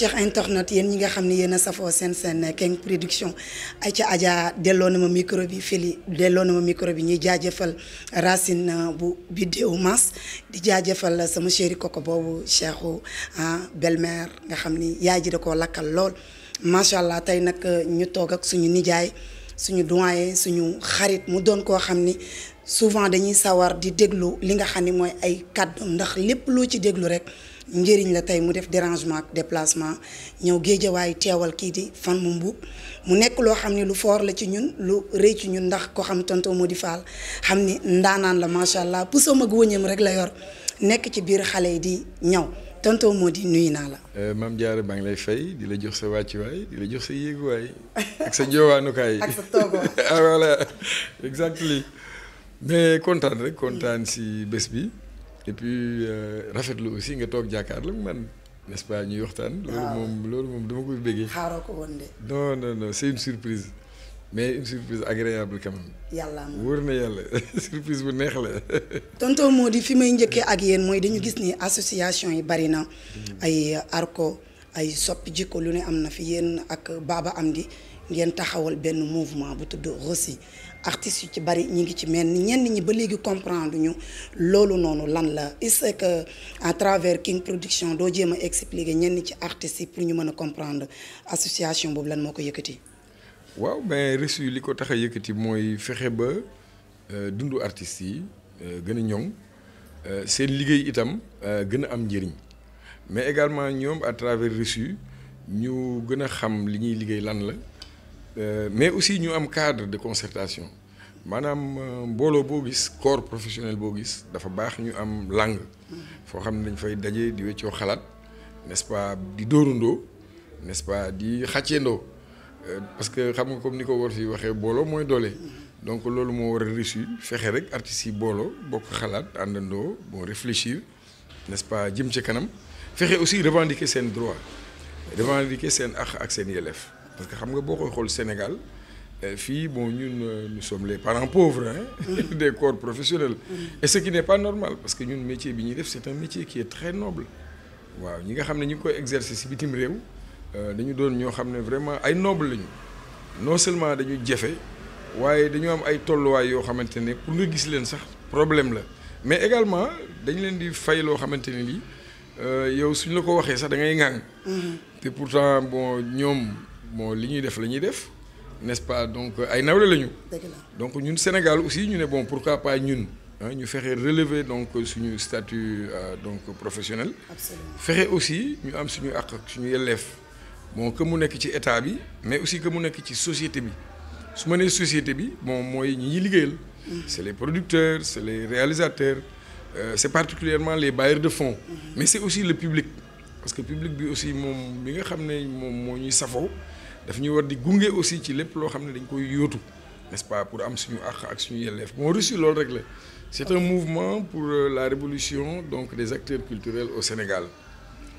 ceex internet yéen ñi nga xam ne yéen a safoo seen seen King Production ay ca Adja delloo na ma micro bi fili delloo na ma micro bi ñuy jaajëfal Racine euh, bu Bidéo Mass di jaajëfal sama chéri koko boobu Cheikhou belle-mère nga xam ni yaay ji koo lakkal lool macha allah tey nag euh, ñu toog ak suñu nijaay suñu doyen suñu xarit mu doon koo xam ni souvent dañuy sawar di déglu li nga xam ni mooy ay kàddu ndax lépp loo ci déglu rek njëriñ la tey mu def dérangement ak déplacement ñëw géejawaay teewal kii di fan mu mbu mu nekk loo xam ne lu foor la ci ñun lu rëy ci ñun ndax ko xam tonton di Fall xam ni ndaanaan la macha allah pusoom ak rek la yor nekk ci biir xale yi di ñaw tonton Modou nuyu naa la. Eh, maam Diarra maa ngi lay fay di la jox sa wàccuwaay di la jox sa yéeguwaay ak sa njoowaanukaay ak sa toogoo ah voilà exactly mais kontaan rek kontaan si bés bi. et puis euh, rafetlu aussi nga toog jàkkaarloo man n'est-ce pas ñuy waxtaan. loolu moom loolu moom dama koy bëggee. xaaroo ko woon de. non non non c'est une surprise mais une surprise agréable quand même. yàlla am wóor na yàlla surprise bu neex la. tonton Mody fi may njëkkee ak yéen mooy dañu gis ni association yi bari na. Mm. ay ARCO ay soppi jikko lu ne am na fi yéen ak Baba Amdi ngeen taxawal benn mouvement bu tudd Rossi. artistes qui ci bari ñi ngi ci mel ni ñi ba légui comprendre ñu lolu nonu lan la est-ce que à travers King Production do jema expliquer ñen ci artistes pour ñu mëna comprendre association bobu lan moko yëkëti waaw mais ben, reçu liko taxay yëkëti moy fexé mooy fexe ba euh, dundu artistes yi euh, gëna ñong euh, seen liggéey itam gën a am njëriñ mais également ñom à travers reçu ñu gëna xam li ñuy liggéey lan la. Euh, mais aussi ñu am cadre de concertation maanaam euh, Bolo boo gis corps professionnel bogis, gis dafa baax ñu am langue foo xam nous dañ fay choses di weccoo xalaat n'est-ce pas di Dorundo, n'est-ce pas di xàcceendoo euh, parce que xam nga comme ni ko war fi bolo booloo mooy donc loolu moo war réussir Faire rek artistes yi booloo bokk xalaat andando, bon réfléchir n'est-ce pas Jim ci kanam aussi revendiquer ses droit revendiquer ses aq ak seen yelleef parce que xam nga boo koy xool Sénégal eh, filles bon ñun euh, nous sommes les parents pauvres hein, des corps professionnels et ce qui n'est pas normal parce que ñun métier bi ñuy def c'est un métier qui est très noble waaw ñi nga xam ne ñu ngi koy exercer ci bitim réew euh, dañu doon vraiment ay noble non seulement dañu jafe waaye dañu am ay tolluwaay yoo xamante ne pour nous gis leen sax problème là. mais également nous leen di fay loo xamante ne lii euh, yow suñ la ko waxee sax da ngay mm-hmm. pourtant bon ñoom bon li ñuy def la ñuy def n'est-ce pas donc euh, ay nawle la ñu. donc ñun Sénégal aussi ñu ne bon pourquoi pas ñun. Hein, ñu fexe relever donc suñu statut euh, donc professionnel. fexe aussi ñu am suñu àq ak suñu yelleef bon que mu nekk ci état bi mais aussi que mu nekk ci société bi su ma nee société bi bon mooy ñi ñuy mm-hmm. c'est les producteurs c'est les réalisateurs euh, c'est particulièrement les bailleurs de fonds. Mm-hmm. mais c'est aussi le public parce que public bi aussi moom bi nga xam ne moom moo ñuy safoo daf ñu war di aussi ci lépp loo xam ne dañ koy n'est-ce pas pour am suñu àq ak suñu yelleef bon Russie loolu rek c'est un mouvement pour euh, la révolution donc des acteurs culturels au Sénégal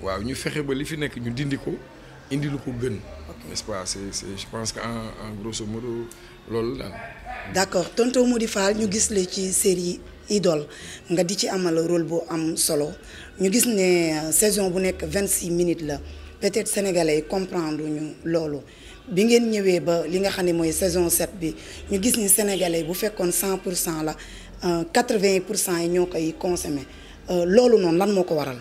waaw ñu fexe ba li fi nous ñu dindi indi lu ko gën n'est-ce pas c'est c'est je pense qu'un gros en grosso modo loolu d'accord tonton Mody Fall ñu gis la ci série Idole nga di ci amal rôle bu am solo ñu gis ne euh, saison bu nekk 26 minutes là peut-être sénégalais yi comprendre ñu loolu bi ngeen ñëwee ba li nga xam ne mooy saison 7 bi ñu gis ni sénégalais bu fekkoon 100 pour cent la 80 euh, pour cent yi ñoo koy consommé euh, loolu noonu lan moo ko waral.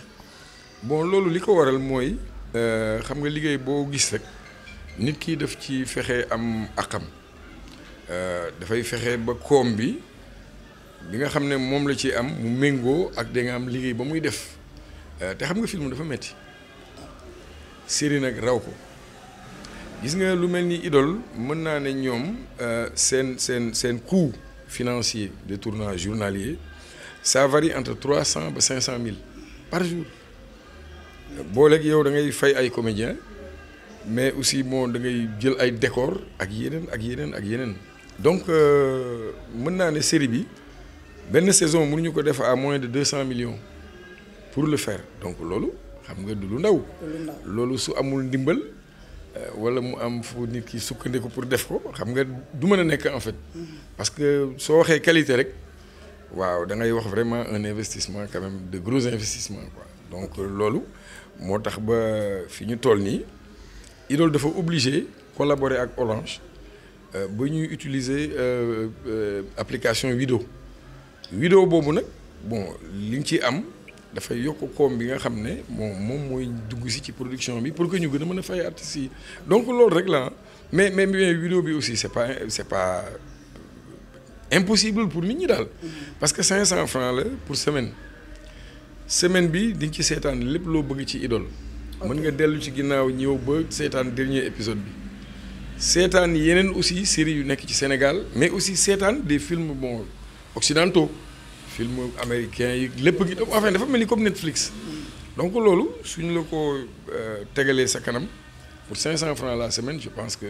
bon loolu li ko waral mooy euh, xam nga liggéey boo gis rek nit ki daf ci fexe am akam dafay fexe ba koom bi bi nga xam ne moom la ci am mu méngoo ak da nga am liggéey ba muy def te xam nga film dafa metti série nak raw ko gis nga lu melni idole mën naa ne ñoom euh, sen sen sen coût financier de tournage journalier ça varie entre 300 ba cinq cent par jour booleeg yow da ngay fay ay comédiens mais aussi mo da ngay jël ay décor ak yenen ak yenen ak yenen donc euh, mën na né série bi benn saison mënuñu ko def à moins de 200 millions pour le faire donc lolu xam nga du lu ndaw loolu su amul ndimbal euh, wala mu am fu nit ki sukkandiku pour def ko xam nga du mën a nekk en fait mm-hmm. parce que soo waxee qualité rek waaw da ngay wax vraiment un investissement quand même de gros investissement quoi donc loolu moo tax ba fi ñu toll nii Idole dafa obligé collaborer ak Orange euh, ba ñuy utiliser euh, application vidéo vidéo boobu nag bon liñ ci am dafay yokk koom bi nga xam mom bon moom dugg si ci production bi pour que ñu gëna mëna fay artiste yi donc lool rek la mais mais mais vidéo bi aussi c'est pas c'est pas impossible pour nit ñi parce que 500 francs la pour semaine semaine bi di ci seetaan lepp lo bëgg ci idole mën nga dellu ci ginnaaw ñëw ba seetaan dernier épisode bi seetaan yenen aussi série yu nekk ci Sénégal mais aussi seetaan des films bon occidentaux film américain yi lépp qui enfin dafa mel comme Netflix donc loolu suñu la ko euh, sa kanam pour 500 francs la semaine je pense que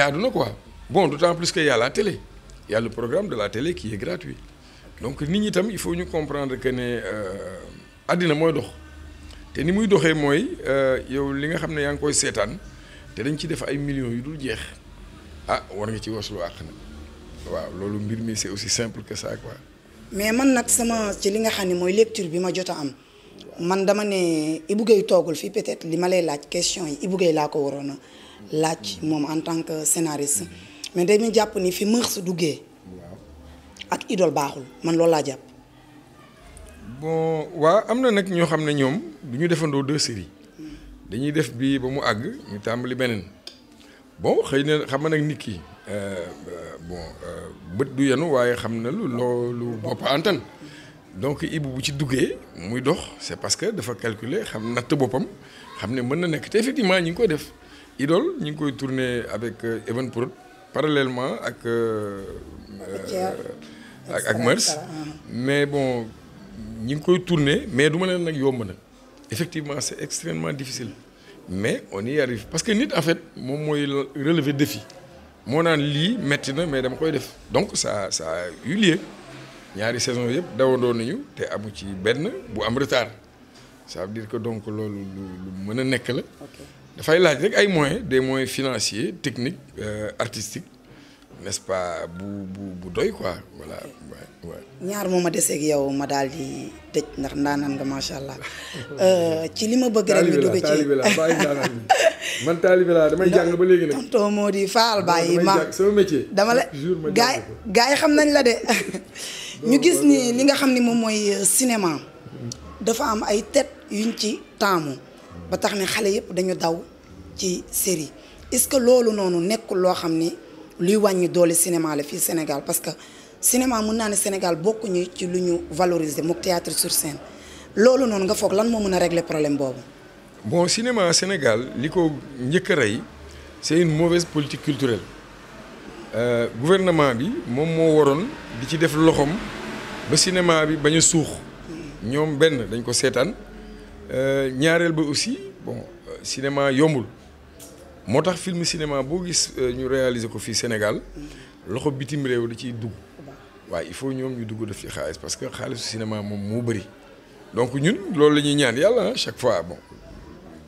a na quoi bon d'autant plus qu'il y a la télé Il y a le programme de la télé qui est gratuit donc nous il faut ñu comprendre que ne euh, àddina mooy dox te ni muy doxee mooy euh, yow li nga xam ne koy seetaan te dañ ci def ay millions yu ah war nga ci waslu àq na waaw mbir c'est aussi simple que ça quoi mais man nag sama ci li nga xam ne mooy lecture bi ma jot a am man dama ne Ibou Guèye toogul peut-être li ma lay laaj question yi Ibou Guèye laa ko waroon a laaj moom en tant que scénariste mais dañu jàpp ni fi mërs duggee ak idole baaxul man loolu laa jàpp. bon wa, am na nag ñoo xam ne ñoom deux séries hmm. dañuy def bii ba mu àgg ñu tàmbali beneen bon xëy na xam nga euh, euh, bon euh, bët du yenu waaye xam na lu loolu bopp antan donc Ibou bu ci duggee muy dox c'est parce que dafa calculer xam natt boppam xam ne mën na nekk te effectivement ñi ngi koy def idol ñi ngi koy tourner avec Even Prod parallèlement ak ak ak hein. mais bon ñi ngi koy tourner mais du ma leen nag yomb na effectivement c'est extrêmement difficile mais on y arrive parce que nit en fait moom mooy relever défi mon ami maintenant metti na mais dama koy def donc ça ça a eu lieu ñaari saison yëpp dawandoo nañu te amu ci ben bu am retard ça veut dire que donc le lu lu mën a nekk la. dafay laaj rek ay moyens des moyens financiers techniques euh, artistiques n'est-ce pas bu bu bu doy quoi voilà. ñaar moo ma deseeg yow ma daal di dëj ndax ndaanaan nga macha allah. Euh, ci li bëgg ci man taalibe laa damay jàng ba léegi nag. tonton moo di faal bàyyi ma sama métier. dama la gaay gaay xam nañ la de. ñu gis ni euh, li nga xam ni moom mooy euh, cinéma. Hmm. dafa am ay tête yuñ ci taamu. ba tax ne xale yëpp dañu daw ci série est-ce que loolu noonu nekkul loo xam ni luy wàññi doole cinéma la fii Sénégal parce que cinéma mën naa ne Sénégal bokkuñu ci lu ñu valoriser mook théâtre sur scène loolu noonu nga foog lan moo mën a régle problème boobu. bon cinéma au Sénégal li ko c'est une mauvaise politique culturelle euh, gouvernement bi mon moo waroon di ci def loxoom ba cinéma bi bañ a suux ben, benn dañ ko seetaan euh, ñaareel ba aussi bon euh, cinéma yomul, moo film cinéma bougis gis euh, ñu réaliser ko Sénégal loxo bitim réew da ciy dugg waaye il faut ñoom ñu dugg de ci xaalis parce que xaalisu cinéma mon moo donc ñun loolu la ñuy ñaan hein, chaque fois bon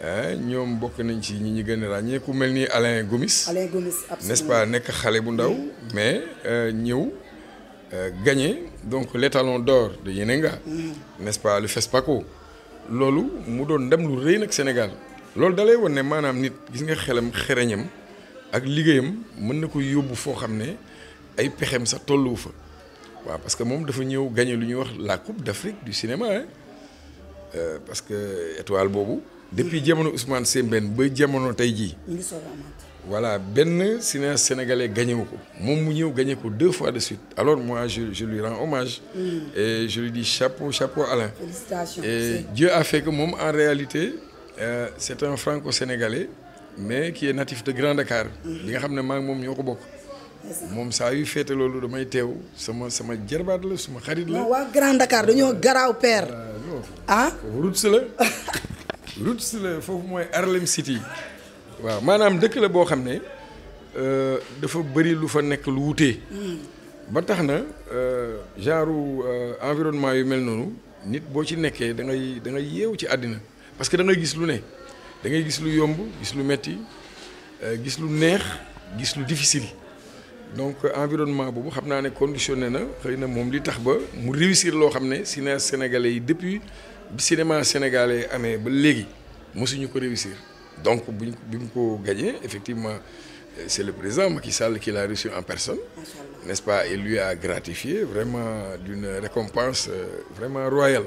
Eh, ñom bokk nañ ci ñi ñi gën rañé ku melni Alain Gomis. Alain Gomis n'est-ce pas nek xalé bu ndaw mais euh, ñëw euh, gagné donc l'étalon d'or de Yenenga. Mm-hmm. n'est-ce pas le FESPACO. lolu mu doon ndam lu rëy nag Sénégal. lolu dalay won ne maanaam nit gis nga xelam xereñam ak ligéyam mën na ko yóbbu foo xam ne ay pexem sax tolluwu fa waaw parce que moom dafa ñëw gagné lu ñuy wax la coupe d'Afrique du cinéma hein euh, parce que étoile boobu depuis jamono Ousmane Sembène ba Tayji voilà sénégalais gagné Il ko mu gagné deux fois de suite alors moi je lui rends hommage. Mm. et je lui dis chapeau chapeau Alain. félicitations et Dieu a fait que mon en réalité euh, c'est un franco-sénégalais mais qui est natif de Grand Dakar. bi mm. nga xamné ma venu. ça yu sama sama la sama xarit la. wa Grand Dakar père. Euh, ah Roots le foofu mooy Harlem City waaw manam deuk la bo xamné ne euh, dafa bëri lu fa nek lu wuté hmm. ba taxna euh genre euh, environnement yu mel noonu nit bo ci nekkee da ngay da ngay yew ci adina parce que da ngay gis lu né da ngay gis lu yomb gis lu metti euh, gis lu neex gis lu difficile donc environnement bobu xamna né conditionné na xeyna mom li tax ba mu réussir lo xamné ne sénégalais yi depuis le cinéma sénégalais amee ba léegi mosuñu ko réussir donc bimko gagner, effectivement euh, c'est le président Macky Sall qui l'a reçu en personne n'est-ce pas et lui a gratifié vraiment d'une récompense euh, vraiment royale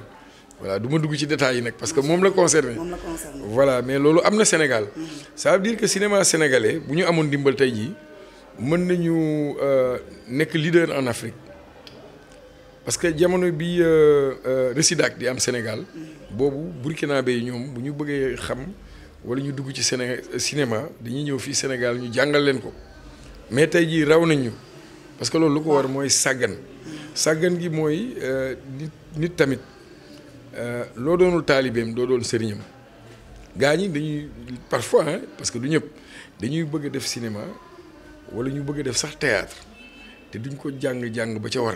voilà du ma ci détails parce que je le concerne. voilà mais c'est am Sénégal mhm. ça veut dire que le cinéma sénégalais bu ñu amoon dimbal tey nous euh, leader en Afrique parce que jamono bi euh, euh, Residac di am Sénégal boobu burkinabé yi ñoom bu ñu bëggee xam wala ñu dugg ci Séné cinéma dañuy ñëw fii Sénégal ñu jàngal leen ko mais tey jii raw nañ ñu parce que loolu lu ko war mooy sàggan sàggan gi mooy euh, nit nit tamit loo doonul taalibeem doo doon sëriñam gaa ñi dañuy parfois hein, parce que du ñëpp dañuy bëgg def cinéma wala ñu bëgg def sax théâtre te duñ ko jàng jàng ba ca war.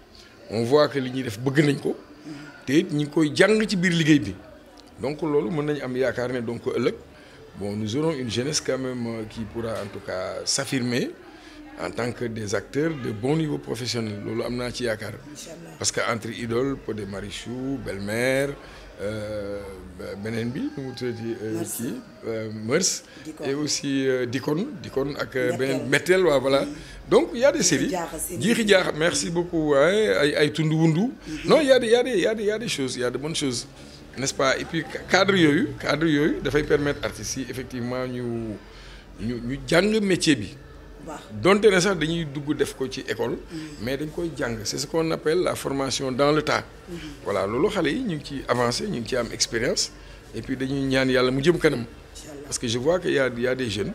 on voit que les gens def bëgg nañ ko te it ñu koy jàng ci biir bi donc loolu mën nañu am yaakaar ne donc bon nous aurons une jeunesse quand même euh, qui pourra en tout cas s'affirmer en tant que des acteurs de bon niveau professionnel ce am naa ci yaakaar parce qu'entre entre idoles des et Marichou Belle-Mère euh, bah, benen bi nu mu tuddati euh, euh, et aussi Dikon Dikon ak benen metel wa voilà donc y a des séries merci beaucoup hein, ay ay wundu mhm. non y a des y a des y a y a des choses y a de bonnes choses n'est-ce pas et puis cadre yoyu cadre da fay permettre artistes effectivement ñu ñu ñu métier bi donte ne sax dañuy dugg def ko mm-hmm. mais dañ koy jàng c'est ce qu'on appelle la formation dans le tas. Mm-hmm. voilà loolu xale ñu ngi ont avancé ñu ngi une am expérience et puis dañuy ñaan yàlla mu jëm kanam. parce que je vois qu'il y a des jeunes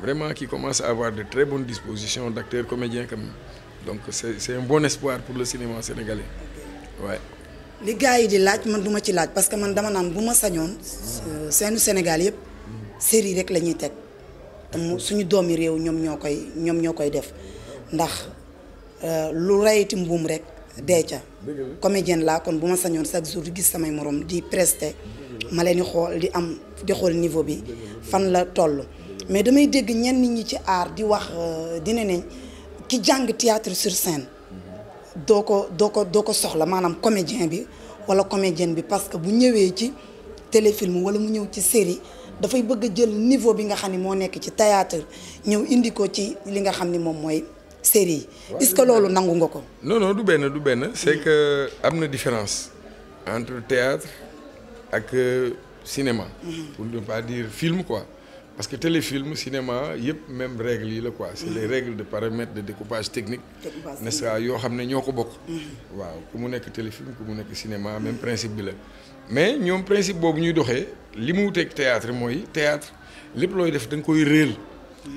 vraiment qui commencent à avoir de très bonnes dispositions d'acteurs comédiens donc c'est un bon espoir pour le cinéma sénégalais ouais. li gars yi di laaj man duma ci laaj parce que man dama naan bu ma sañoon. Mm. Euh, seenu Sénégal yëpp mm. série rek la ñuy suñu doomi réew ñoom ñoo koy ñoom ñoo koy def ndax euh, lu rayati mbuum rek dee ca comédienne laa kon bu ma sañoon chaque jour di gis samay moroom di prester ma leen di xool di am di xool niveau bi fan la toll mais damay dégg ñenn ñi ci aar di wax euh, dina ne ki jàng théâtre sur scène doo ko doo ko doo ko soxla maanaam comédien bi wala comédienne bi parce que bu ñëwee ci téléfilm wala mu ñëw ci série faut bëgg que jël niveau bi nga xamni mo ci théâtre ñëw indi ko ci li nga xamni mom série est-ce que lolu nangu nga ko non non du bien du ben c'est que amna différence entre théâtre ak euh, cinéma mhm. pour ne pas dire film quoi parce que téléfilm cinéma yépp même règles yi la quoi c'est mhm. les règles de paramètres de découpage technique n'est-ce pas yoo xam ne ñoo mhm. waaw ku mu téléfilm ku mu nekk cinéma même principe bi mais ñoom principe bobu ñuy théâtre théâtre réel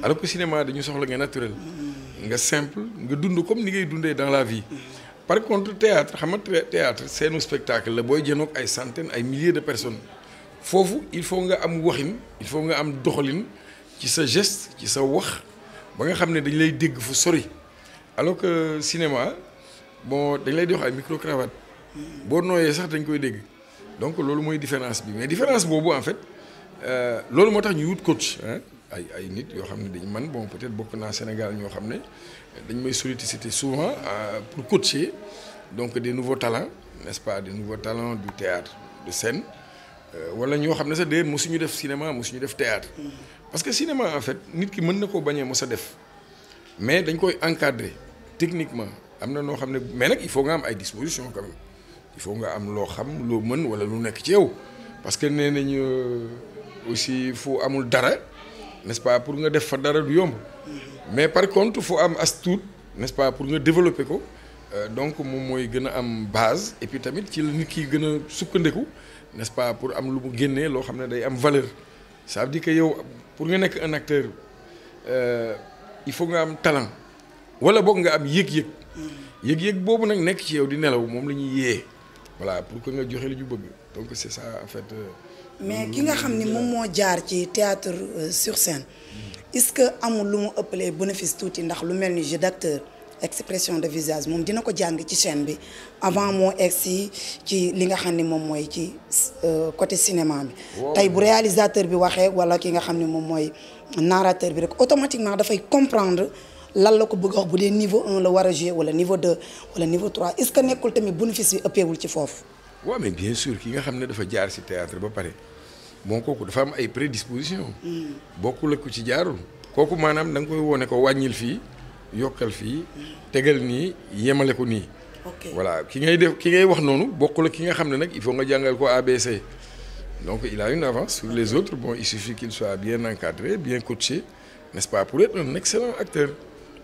alors que cinéma dañu naturel simple comme dans la vie par contre théâtre xam un spectacle le boy centaines des milliers de personnes il faut que vous il faut nga am doxaline ci sa geste ci sa wax ba nga alors que cinéma bon dañ lay micro donc c'est la différence bi mais différence boobu en fait euh, loolu moo nous ñu coach hein. ay ay nit yo, xam des man bon peut-être dans le Sénégal ñoo xam ne dañ may solliciter souvent euh, pour coacher donc des nouveaux talents n'est-ce pas des nouveaux talents du théâtre de scène euh, wala ñoo nous ne sax déet mosuñu def cinéma mosuñu def théâtre mm. parce que cinéma en fait nit ki mën na koo bañee def mais dañ koy encadrer techniquement am na noo mais nag il faut nga am ay dispositions quand même il faut nga am loo xam loo mën wala lu nekk ci yow parce que nee nañu euh, aussi fu amul dara n'est-ce pas pour nga def fa dara du yomb mais par contre fu am as tuut ce pas pour nga développer ko euh, donc moom mooy gën a am base et tamit ci la nit ki gën a sukkandiku n'est-ce pas pour am lu mu génnee loo xam ne day am valeur ça veut dire que yow pour nga nekk un acteur euh, il faut nga am talent wala boog nga am yëg-yëg mm. yëg-yëg boobu nag nekk ci yow di nelaw moom la ñuy yee. voilà pour que nous joxe le ñu donc c'est ça en fait. Euh, mais ki nga xamni mom mo moo jaar ci théâtre euh, sur scène est-ce que amul lu mu ëppalee bénéfice touti ndax lu melni jeu d'acteur expression de visage mom dina ko jàng ci scène bi avant mo exi ci li nga xamni mom moy ci euh, côté cinéma bi. tay bu réalisateur bi waxé wala ki nga xamni mom moy narrateur bi rek automatiquement fay comprendre lan la ko bëgg wax bu dee niveau 1 la war a jouer wala niveau deux wala niveau 3 est ce que nekkul tamit bénéfice bi ëppeewul ci foofu. waaw mais bien sûr ki nga xam ne dafa jaar ci théâtre ba pare mon kooku dafa am ay prédisposition hmm. bokkul ak ku ci jaarul. kooku maanaam da nga koy wone ko wàññil fii yokkal fii tegal ni yemale ko nii. ok voilà ki ngay def ki ngay wax noonu bokkul ak ki nga xam ne nag il faut nga jàngal ko ABC. donc il a une avance sur les autres bon il suffit qu'il soit bien encadré bien coaché n'est-ce pas pour être un excellent acteur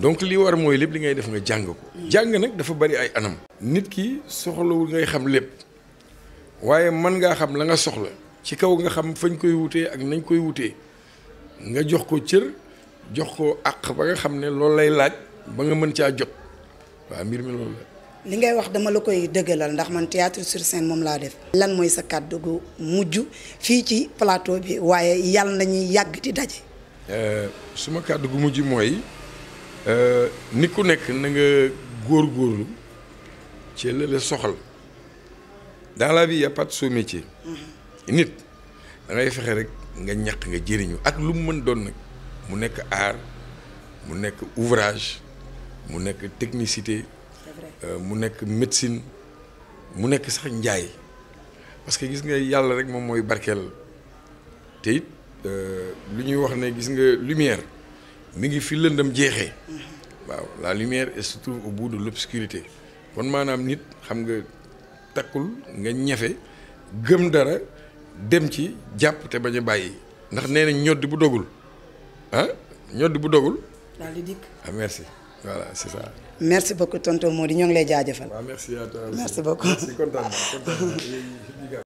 donc li war mooy lépp li ngay def nga jàng ko jàng nag dafa bari ay anam nit ki soxlawul ngay xam lépp waaye man ngaa xam la nga soxla ci kaw nga xam fañ koy wutee ak nañ koy wutee nga jox ko cër jox ko àq ba nga xam ne loolu lay laaj ba nga mën caa jot waaw mbir mi loolu li ngay wax dama la koy dëggalal ndax man théâtre sur scène mom laa def lan mooy sa kàddu gu mujj fii ci plateau bi waaye yàlla nañuy yàgg di daje euh, suma kàddu gu Euh, nit ku nekk nanga góor góorgóorlu ci la soxal dans la vie y a pas de mm-hmm. nit da fexe rek nga ñaq nga jëriñu ak lu mu mën doon nag mu nekk art mu nekk ouvrage mu nekk technicité euh, mu nekk médecine mu nekk sax njaay parce que gis nga yàlla rek moom mooy barkeel te it euh, lu ñuy wax ne gis nga lumière mi ngi fi lëndam jeexee waaw la lumière est se trouve au bout de l'obscurité kon maanaam nit xam nga takkul nga ñafe gëm dara dem ci jàpp te bañ a ndax nee na bu dogul ah ñoddi bu dogul. daal di dikk ah merci voilà c'est ça. merci beaucoup tonton Mody ñoo ngi lay jaajëfal. waaw merci à toi merci beaucoup merci kontaan naa